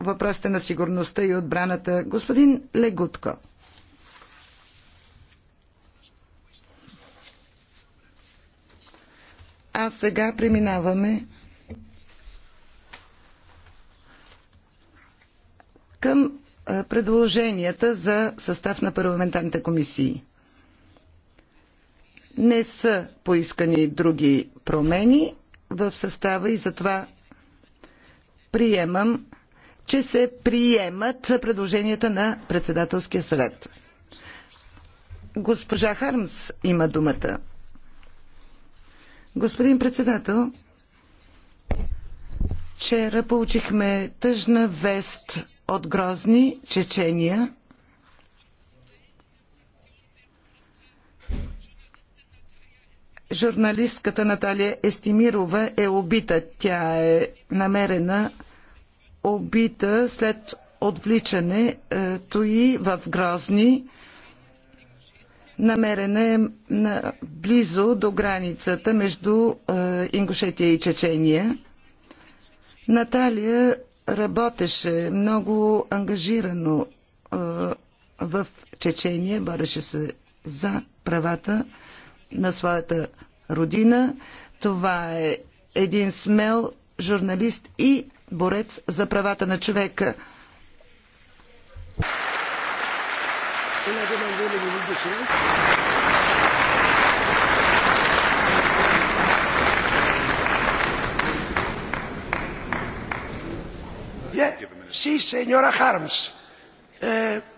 въпросите на сигурността и отбраната, господин Легутко. А сега преминаваме към предложенията за състав на парламентарните комисии. Не са поискани други промени в състава и затова приемам че се приемат предложенията на председателския съвет. Госпожа Хармс има думата. Господин председател, вчера получихме тъжна вест от Грозни, Чечения. Журналистката Наталия Естимирова е убита. Тя е намерена убита след отвличането е, и в Грозни. Намерена е близо до границата между е, Ингушетия и Чечения. Наталия работеше много ангажирано е, в Чечения, бореше се за правата на своята родина. Това е един смел журналист и борец за правата на човека. Sí, señora Harms. Eh,